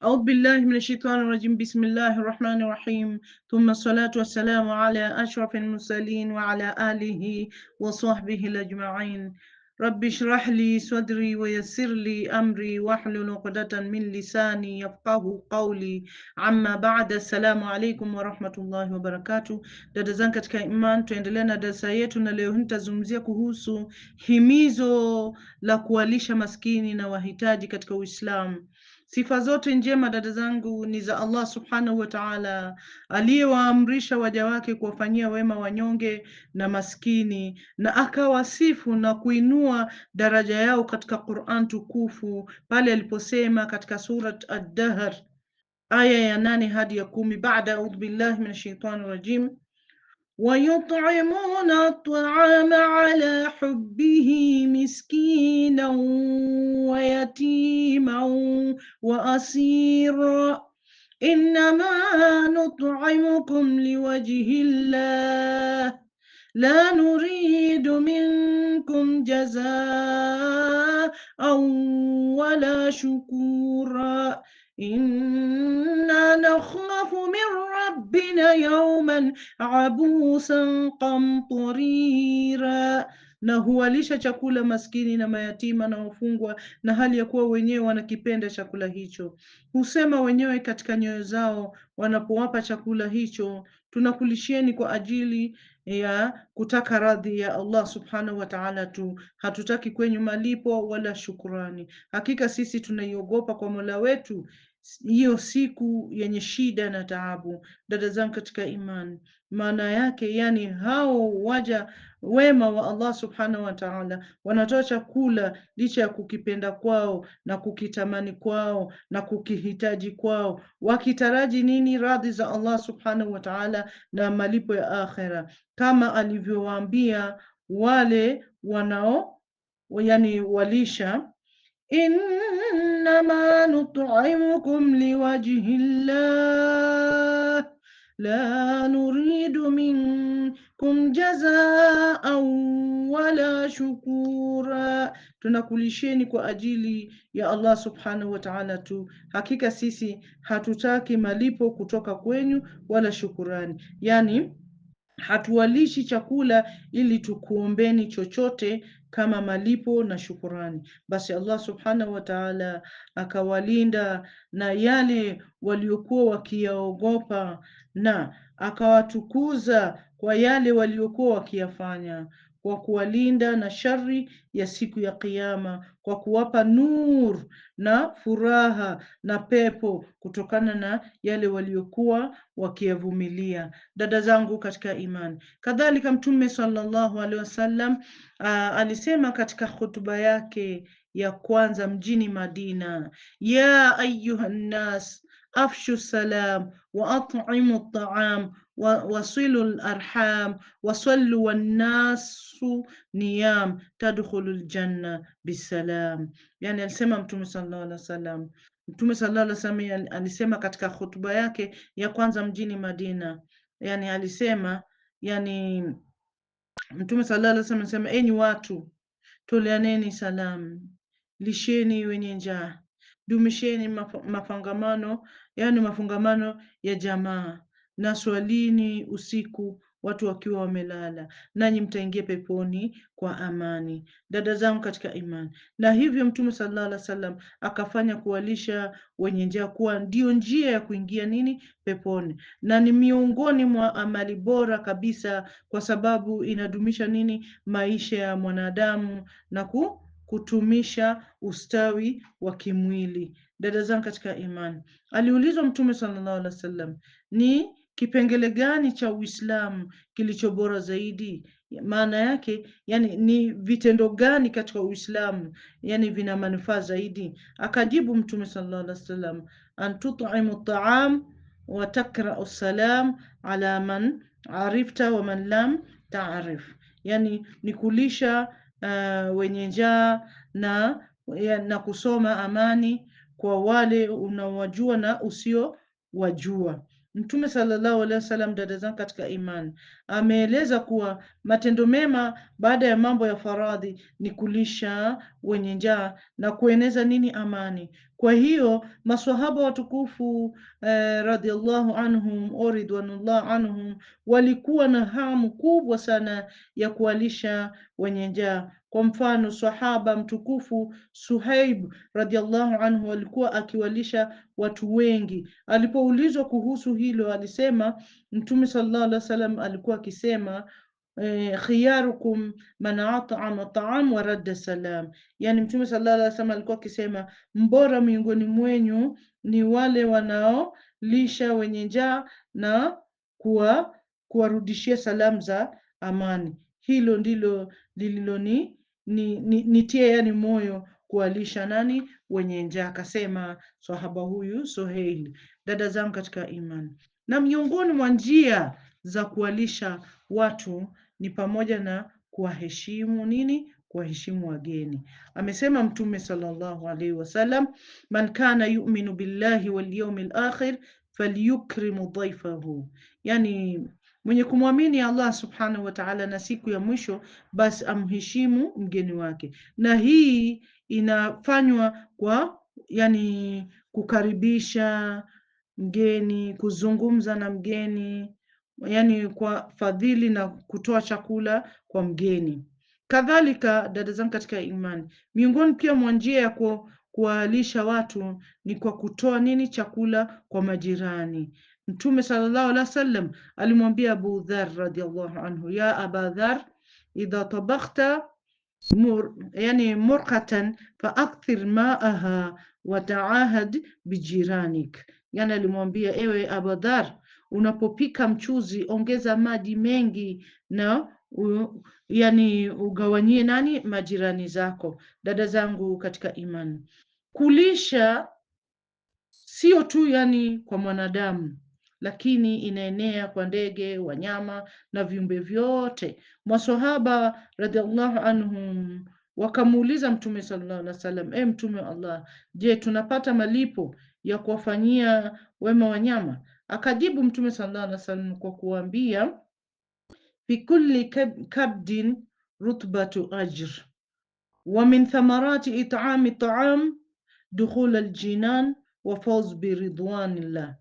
Audhu billahi minashaitanir rajim. Bismillahir rahmanir rahim. Thumma salatu wassalamu ala ashrafil mursalin wa ala alihi wa sahbihi ajma'in. Rabbi shrah li sadri wa yassir li amri wahlul uqdatan min lisani yafqahu qawli. Amma ba'da, assalamu alaikum wa rahmatullahi wa barakatuh. Dada zangu katika iman, tuendelea na darasa yetu, na leo nitazungumzia kuhusu himizo la kuwalisha maskini na wahitaji katika Uislamu. Sifa zote njema dada zangu ni za Allah subhanahu wa taala, aliyewaamrisha waja wake kuwafanyia wema wanyonge na maskini, na akawasifu na kuinua daraja yao katika Quran tukufu pale aliposema katika Surat Ad-Dahr aya ya nane hadi ya kumi baada audhu billahi min shaitani rajim ويطعمون الطعام على حبه مسكينا ويتيما واسيرا انما نطعمكم لوجه الله لا نريد منكم جزاء ولا شكورا نخاف من ربنا يوما عبوسا قمطريرا na huwalisha chakula maskini na mayatima na wafungwa, na hali ya kuwa wenyewe wanakipenda chakula hicho. Husema wenyewe katika nyoyo zao wanapowapa chakula hicho, tunakulishieni kwa ajili ya kutaka radhi ya Allah subhanahu wa ta'ala tu, hatutaki kwenyu malipo wala shukurani. Hakika sisi tunaiogopa kwa Mola wetu hiyo siku yenye shida na taabu. Dada zangu katika imani, maana yake yani hao waja wema wa Allah subhanahu wa ta'ala wanatoa chakula licha ya kukipenda kwao na kukitamani kwao na kukihitaji kwao, wakitaraji nini? Radhi za Allah subhanahu wa ta'ala na malipo ya akhera, kama alivyowaambia wale wanao yani walisha إنما نطعمكم لوجه الله لا نريد منكم jazaa wala shukura, tunakulisheni kwa ajili ya Allah subhanahu wa ta'ala tu. Hakika sisi hatutaki malipo kutoka kwenyu wala shukurani, yani Hatuwalishi chakula ili tukuombeni chochote kama malipo na shukurani. Basi Allah subhanahu wa ta'ala akawalinda na yale waliokuwa wakiyaogopa na akawatukuza kwa yale waliokuwa wakiyafanya kwa kuwalinda na shari ya siku ya Kiyama, kwa kuwapa nur na furaha na pepo kutokana na yale waliokuwa wakiyavumilia. Dada zangu katika imani, kadhalika Mtume sallallahu alaihi wasallam alisema katika hutuba yake ya kwanza mjini Madina, ya ayuha nnas afshu salam wa الطعام at'am wasilu larham والناس نيام تدخل tadkhulu ljanna يعني Yani alisema Mtume sallallahu alaihi wasallam, Mtume sallallahu alaihi wasallam alisema katika hotuba yake ya kwanza mjini Madina, yani alisema yani Mtume sallallahu alaihi wasallam alisema, enyi watu, toleaneni salamu, lisheni wenye njaa dumisheni mafungamano, yaani mafungamano ya jamaa, na swalini usiku watu wakiwa wamelala, nanyi mtaingia peponi kwa amani. Dada zangu katika imani, na hivyo Mtume sallallahu alaihi wasallam akafanya kuwalisha wenye njaa kuwa ndio njia ya kuingia nini peponi, na ni miongoni mwa amali bora kabisa, kwa sababu inadumisha nini maisha ya mwanadamu na ku kutumisha ustawi wa kimwili. Dada zangu katika imani, aliulizwa Mtume sallallahu alaihi wasallam ni kipengele gani cha Uislamu kilicho bora zaidi? Maana yake yani, ni vitendo gani katika Uislamu yani vina manufaa zaidi? Akajibu Mtume sallallahu alaihi wasallam, an ta'am wa takra salam ala man arifta wa man lam ta'rif, yani ni kulisha uh, wenye njaa na, na kusoma amani kwa wale unaowajua na usiowajua. Mtume sallallahu alaihi wasallam, dada zangu katika imani, ameeleza kuwa matendo mema baada ya mambo ya faradhi ni kulisha wenye njaa na kueneza nini? Amani. Kwa hiyo maswahaba watukufu eh, radhiallahu anhum wa ridwanullah anhum walikuwa na hamu kubwa sana ya kuwalisha wenye njaa kwa mfano, sahaba mtukufu Suhaib radhiallahu anhu alikuwa akiwalisha watu wengi. Alipoulizwa kuhusu hilo, alisema Mtume sallallahu alaihi wasallam alikuwa akisema eh, khiyarukum man at'ama ta'am wa radda salam, yani Mtume sallallahu alaihi wasallam alikuwa akisema mbora miongoni mwenyu ni wale wanaolisha wenye njaa na kuwa kuwarudishia salamu za amani. Hilo ndilo lililoni ni, ni, nitie yani moyo kuwalisha nani wenye njaa, akasema sahaba huyu suheil Dada zangu katika iman na miongoni mwa njia za kuwalisha watu ni pamoja na kuwaheshimu nini kuwaheshimu wageni. Amesema Mtume sallallahu alaihi wasallam, man kana yuminu billahi wal yawmil akhir falyukrimu dhaifahu, yani Mwenye kumwamini Allah subhanahu wa ta'ala na siku ya mwisho, basi amheshimu mgeni wake, na hii inafanywa kwa yani kukaribisha mgeni, kuzungumza na mgeni, yani kwa fadhili na kutoa chakula kwa mgeni. Kadhalika, dada zangu katika imani, miongoni pia mwa njia ya kuwaalisha watu ni kwa kutoa nini? Chakula kwa majirani. Mtume sallallahu alaihi wasallam alimwambia Abu Dhar radiallahu anhu, ya Aba Dhar idha tabakhta mur, yani murqatan faakthir maaha wataahad bijiranik, yani alimwambia ewe Aba Dharr, unapopika mchuzi ongeza maji mengi na u, yani ugawanyie nani majirani zako. Dada zangu katika imani, kulisha sio tu yani kwa mwanadamu lakini inaenea kwa ndege, wanyama na viumbe vyote. Maswahaba radhiallahu anhum wakamuuliza Mtume sallallahu alaihi wasallam, e, Mtume wa Allah, je, tunapata malipo ya kuwafanyia wema wanyama? Akajibu Mtume sallallahu alaihi wasallam kwa kuambia, fi kulli kabdin rutbatu ajr wa min thamarati itami taam dukhul aljinan wa fawz biridwanillah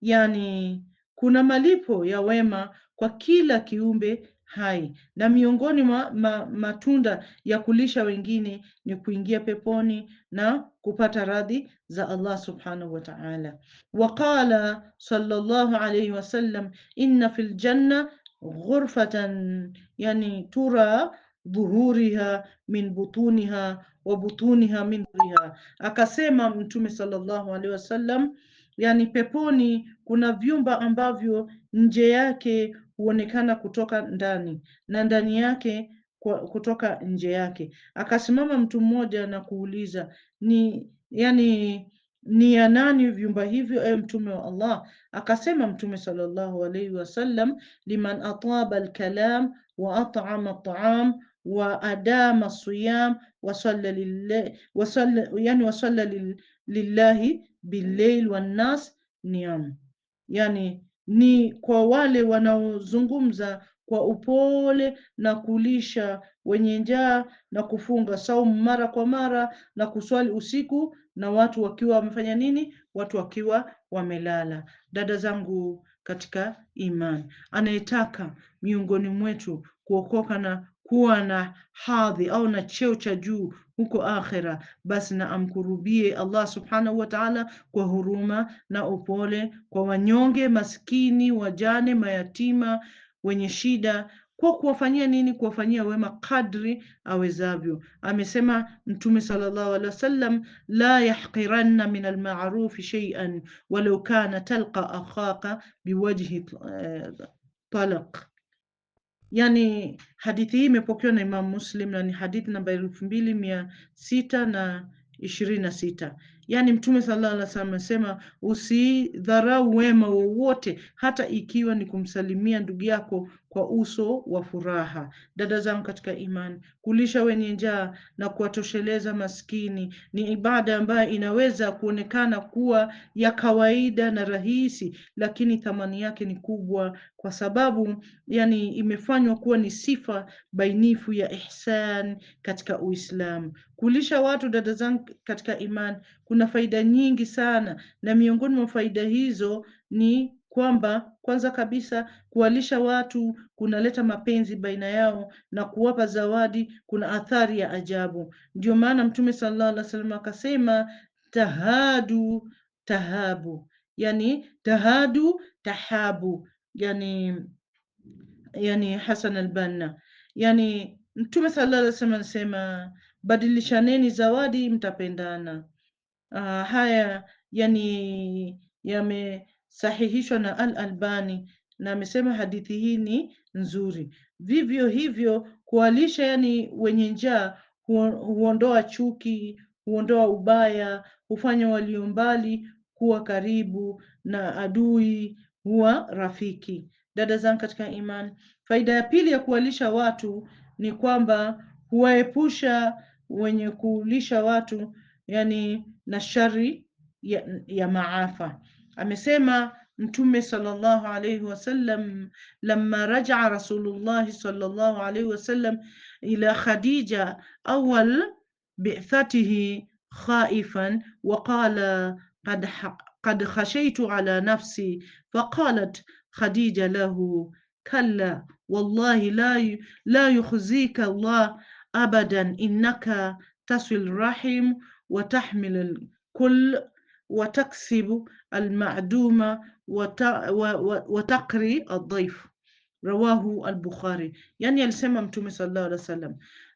yani kuna malipo ya wema kwa kila kiumbe hai, na miongoni mwa ma, matunda ya kulisha wengine ni kuingia peponi na kupata radhi za Allah subhanahu wa ta'ala. Waqala sallallahu alayhi wasallam, inna fil janna ghurfatan yani tura dhuhuriha min butuniha wa butuniha min dhuriha, akasema Mtume sallallahu alayhi wasallam yaani peponi kuna vyumba ambavyo nje yake huonekana kutoka ndani na ndani yake kwa, kutoka nje yake. Akasimama mtu mmoja na kuuliza ni yani ni ya nani vyumba hivyo, ewe Mtume wa Allah? Akasema Mtume sallallahu alaihi wasallam, liman ataba alkalam wa at'ama at'am wa adama siyam wa salla yani wa salla yaani lillahi billail wannas niam, yani ni kwa wale wanaozungumza kwa upole na kulisha wenye njaa na kufunga saumu mara kwa mara na kuswali usiku na watu wakiwa wamefanya nini? Watu wakiwa wamelala. Dada zangu katika imani, anayetaka miongoni mwetu kuokoka na kuwa na hadhi au na cheo cha juu huko akhira, basi na amkurubie Allah subhanahu wa ta'ala kwa huruma na upole kwa wanyonge, maskini, wajane, mayatima, wenye shida kwa kuwafanyia nini? Kuwafanyia wema kadri awezavyo. Amesema Mtume sallallahu alaihi wasallam, la yahqiranna min almarufi shay'an walau kana talqa akhaka biwajhi eh, talaq Yani hadithi hii imepokewa na Imam Muslim na ni hadithi namba elfu mbili mia sita na ishirini na sita. Yani Mtume sallallahu alaihi wasallam amesema usidharau wema wowote, hata ikiwa ni kumsalimia ndugu yako kwa uso wa furaha. Dada zangu katika imani, kulisha wenye njaa na kuwatosheleza maskini ni ibada ambayo inaweza kuonekana kuwa ya kawaida na rahisi, lakini thamani yake ni kubwa, kwa sababu yani imefanywa kuwa ni sifa bainifu ya ihsan katika Uislamu. Kulisha watu, dada zangu katika imani, kuna faida nyingi sana, na miongoni mwa faida hizo ni kwamba kwanza kabisa kuwalisha watu kunaleta mapenzi baina yao na kuwapa zawadi kuna athari ya ajabu. Ndio maana Mtume sallallahu alaihi wasallam akasema tahadu tahabu, yani tahadu tahabu, yani yani Hasan al-Banna, yani Mtume sallallahu alaihi wasallam anasema badilishaneni zawadi mtapendana. Uh, haya yani yame sahihishwa na Al Albani na amesema hadithi hii ni nzuri. Vivyo hivyo kuwalisha, yani wenye njaa huondoa chuki, huondoa ubaya, hufanya walio mbali kuwa karibu, na adui huwa rafiki. Dada zangu katika imani, faida ya pili ya kuwalisha watu ni kwamba huwaepusha wenye kulisha watu yani na shari ya, ya maafa. amesema Mtume sallallahu alaihi wasallam, lamma rajaa Rasulullahi sallallahu alaihi wasallam ila Khadija awal bi'thatihi khaifan wa qala qad qad khashaytu ala nafsi faqalat Khadija lahu kalla wallahi la la yukhzika Allah abadan innaka tasil rahim wa tahmil al kull wataksibu almaduma wata, wa, wa, watakri aldhaif rawahu albukhari. Yani alisema Mtume sallallahu alaihi wasallam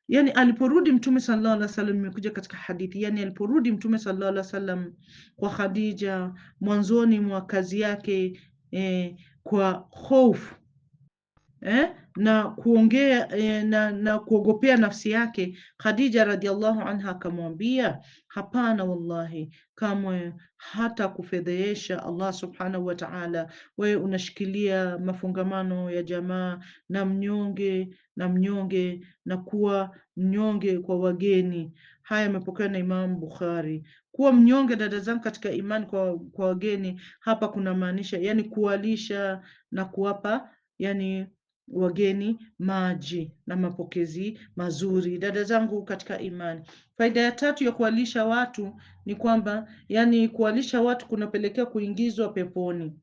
Yani aliporudi Mtume sallallahu alaihi wasallam, imekuja katika hadithi, yani aliporudi Mtume sallallahu alaihi wasallam kwa Khadija mwanzoni mwa kazi yake eh, kwa hofu eh, na kuongea eh, na, na kuogopea nafsi yake. Khadija radhiallahu anha akamwambia, hapana, wallahi kamwe hata kufedheesha Allah subhanahu wa ta'ala. Wewe unashikilia mafungamano ya jamaa na mnyonge na mnyonge na kuwa mnyonge kwa wageni. Haya yamepokewa na Imam Bukhari. Kuwa mnyonge, dada zangu katika imani, kwa, kwa wageni hapa kuna maanisha yani kuwalisha na kuwapa yani wageni maji na mapokezi mazuri. Dada zangu katika imani, faida ya tatu ya kuwalisha watu ni kwamba, yani kuwalisha watu kunapelekea kuingizwa peponi.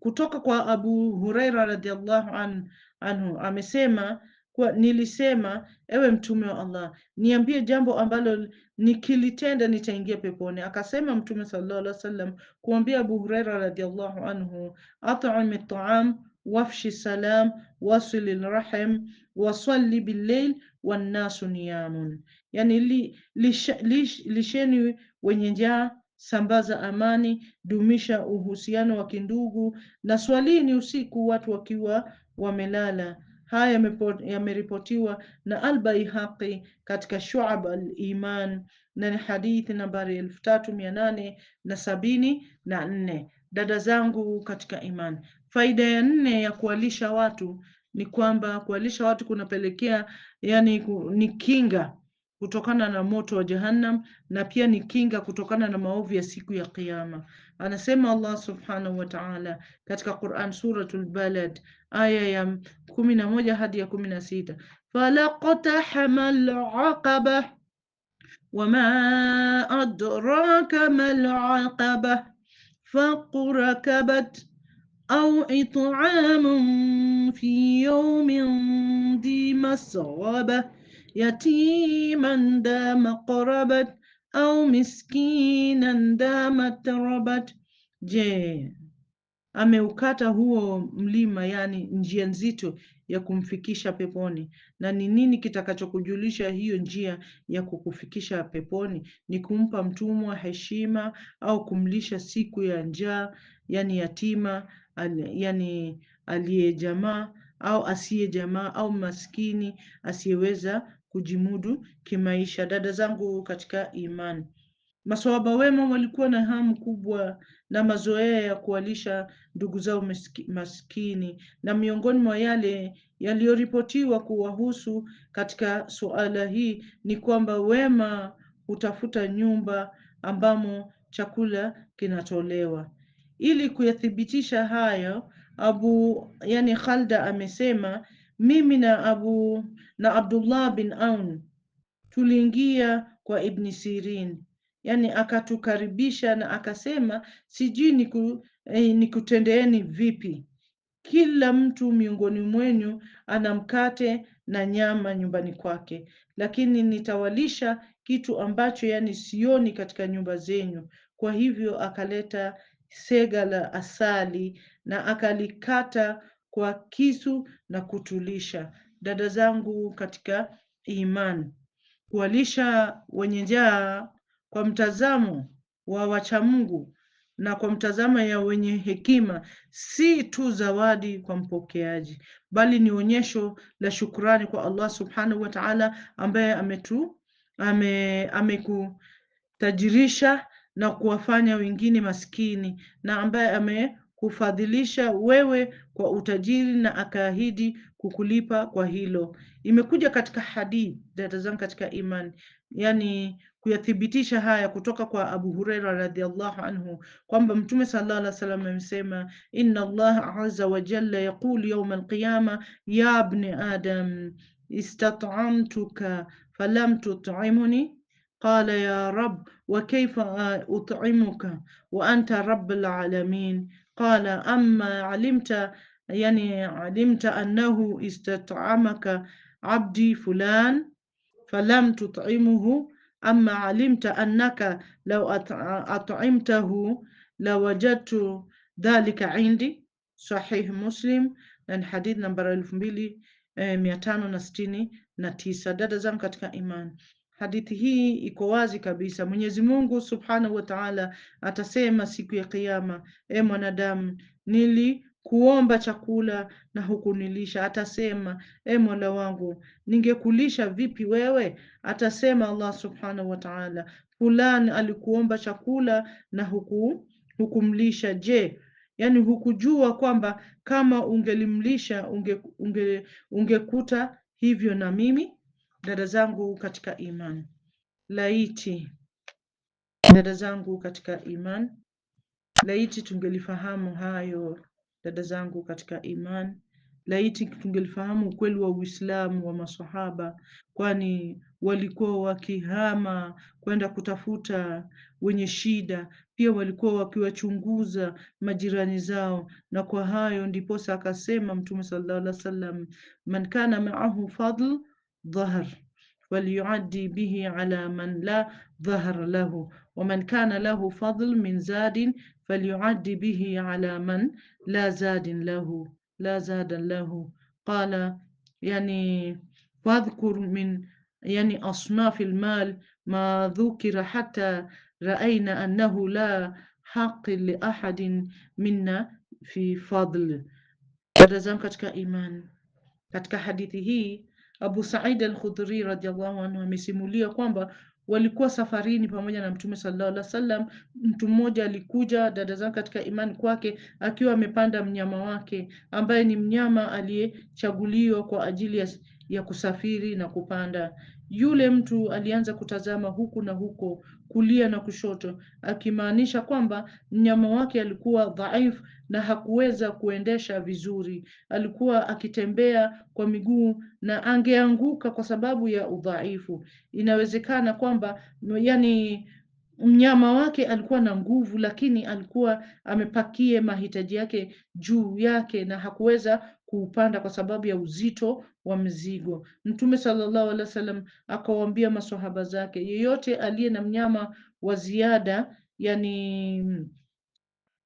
Kutoka kwa Abu Huraira radhiallahu an, anhu amesema kwa, nilisema ewe mtume wa Allah, niambie jambo ambalo nikilitenda nitaingia peponi. Akasema Mtume sallallahu alaihi wasallam kuambia Abu Huraira radhiallahu anhu at'im at'am wafshi salam wasili lrahm wasalli billeil wannasu niyamun, yani li, lisha, lish, lisheni wenye njaa, sambaza amani, dumisha uhusiano wa kindugu na swalini usiku watu wakiwa wamelala. Haya yameripotiwa na Albaihaqi katika Shuab al-Iman na ni hadithi nambari elfu tatu mia nane na sabini na nne. Dada zangu katika imani, Faida ya nne ya kuwalisha watu ni kwamba kuwalisha watu kunapelekea yani, ni kinga kutokana na moto wa Jahannam na pia ni kinga kutokana na maovu ya siku ya Kiyama. Anasema Allah subhanahu wa ta'ala katika Quran Suratul Balad aya ya kumi na moja hadi ya kumi na sita falaqtahamal aqaba wama adraka mal aqaba faqurakbat أو إطعام في يوم ذي مسغبة يتيما ذا مقربة أو miskinan ذا matarabat. Je, ameukata huo mlima, yani njia nzito ya kumfikisha peponi. Na ni nini kitakachokujulisha hiyo njia ya kukufikisha peponi? Ni kumpa mtumwa heshima au kumlisha siku ya njaa, yani yatima yani aliye jamaa au asiye jamaa au maskini asiyeweza kujimudu kimaisha. Dada zangu katika imani, maswahaba wema walikuwa na hamu kubwa na mazoea ya kuwalisha ndugu zao maskini, na miongoni mwa yale yaliyoripotiwa kuwahusu katika suala hii ni kwamba wema hutafuta nyumba ambamo chakula kinatolewa. Ili kuyathibitisha hayo, Abu yani Khalda amesema mimi na Abu na Abdullah bin Aun tuliingia kwa Ibn Sirin, yani akatukaribisha na akasema, sijui niku, eh, nikutendeeni vipi? Kila mtu miongoni mwenyu ana mkate na nyama nyumbani kwake, lakini nitawalisha kitu ambacho yani sioni katika nyumba zenyu. Kwa hivyo akaleta sega la asali na akalikata kwa kisu na kutulisha. Dada zangu katika imani, kuwalisha wenye njaa kwa mtazamo wa wachamungu na kwa mtazamo ya wenye hekima si tu zawadi kwa mpokeaji, bali ni onyesho la shukurani kwa Allah subhanahu wa ta'ala, ambaye ametu amekutajirisha ame na kuwafanya wengine maskini na ambaye amekufadhilisha wewe kwa utajiri na akaahidi kukulipa kwa hilo. Imekuja katika hadith zangu katika imani, yani kuyathibitisha haya kutoka kwa Abu Huraira radhiallahu anhu kwamba Mtume sallallahu alaihi wasallam amesema, inna Allah azza wa jalla yaqulu yawm alqiyama ya bni adam istat'amtuka falam tut'imni qala ya rab wa kaifa ut'imuka wa anta rabbul alamin qala amma alimta yani alimta annahu istat'amaka abdi fulan falam tut'imuhu amma alimta annaka law at'amtahu lawajadtu dhalika indi sahih Muslim na hadith nambari elfu mbili eh, mia tano na sitini na tisa. Dada zangu katika imani Hadithi hii iko wazi kabisa. Mwenyezi Mungu subhanahu wa taala atasema siku ya Kiyama, e mwanadamu, nilikuomba chakula na hukunilisha. Atasema, e mola wangu, ningekulisha vipi wewe? Atasema Allah subhanahu wa taala, fulani alikuomba chakula na huku hukumlisha. Je, yani hukujua kwamba kama ungelimlisha unge, unge, ungekuta hivyo na mimi dada zangu katika iman, laiti dada zangu katika iman, laiti tungelifahamu hayo dada zangu katika iman, laiti tungelifahamu ukweli wa Uislamu wa masahaba, kwani walikuwa wakihama kwenda kutafuta wenye shida, pia walikuwa wakiwachunguza majirani zao. Na kwa hayo ndiposa akasema Mtume sallallahu alaihi wasallam, man kana maahu fadl ظهر وليعدي به على من لا ظهر له ومن كان له فضل من زاد فليعدي به على من لا زاد له لا زاد له قال يعني واذكر من يعني أصناف المال ما ذكر حتى رأينا أنه لا حق لأحد منا في فضل. هذا zangu katika إيمان katika حديثه Abu Said al-Khudri radhiyallahu anhu amesimulia kwamba walikuwa safarini pamoja na Mtume sallallahu alaihi wasallam. Mtu mmoja alikuja dada zake katika imani kwake akiwa amepanda mnyama wake ambaye ni mnyama aliyechaguliwa kwa ajili ya, ya kusafiri na kupanda. Yule mtu alianza kutazama huku na huko, kulia na kushoto, akimaanisha kwamba mnyama wake alikuwa dhaifu na hakuweza kuendesha vizuri. Alikuwa akitembea kwa miguu na angeanguka kwa sababu ya udhaifu. Inawezekana kwamba yani mnyama wake alikuwa na nguvu, lakini alikuwa amepakie mahitaji yake juu yake na hakuweza kuupanda kwa sababu ya uzito wa mzigo. Mtume sallallahu alaihi wasallam akawaambia maswahaba zake, yeyote aliye na mnyama wa ziada yani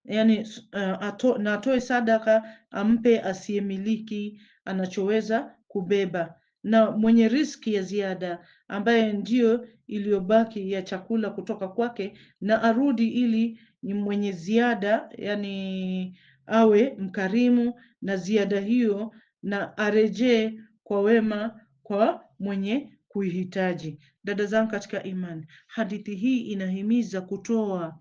yani uh, ato, na atoe sadaka ampe asiyemiliki anachoweza kubeba na mwenye riski ya ziada ambaye ndiyo iliyobaki ya chakula kutoka kwake, na arudi ili mwenye ziada yani awe mkarimu na ziada hiyo, na arejee kwa wema kwa mwenye kuihitaji. Dada zangu katika imani, hadithi hii inahimiza kutoa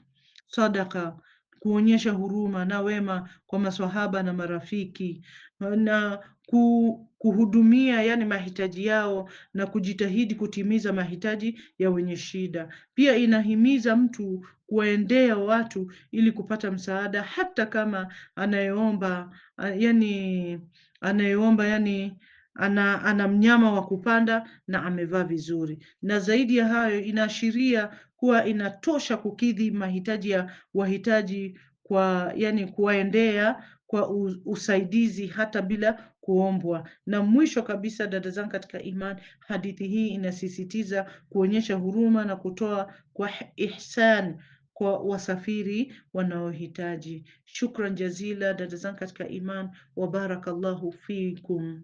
sadaka, kuonyesha huruma na wema kwa maswahaba na marafiki na ku kuhudumia yani mahitaji yao na kujitahidi kutimiza mahitaji ya wenye shida. Pia inahimiza mtu kuwaendea watu ili kupata msaada, hata kama anayeomba yani anayeomba yani ana, ana mnyama wa kupanda na amevaa vizuri. Na zaidi ya hayo, inaashiria kuwa inatosha kukidhi mahitaji ya wahitaji kwa yani kuwaendea kwa usaidizi hata bila kuombwa. Na mwisho kabisa, dada zangu katika imani, hadithi hii inasisitiza kuonyesha huruma na kutoa kwa ihsan kwa wasafiri wanaohitaji. Shukran jazila dada zangu katika iman, wa barakallahu fikum.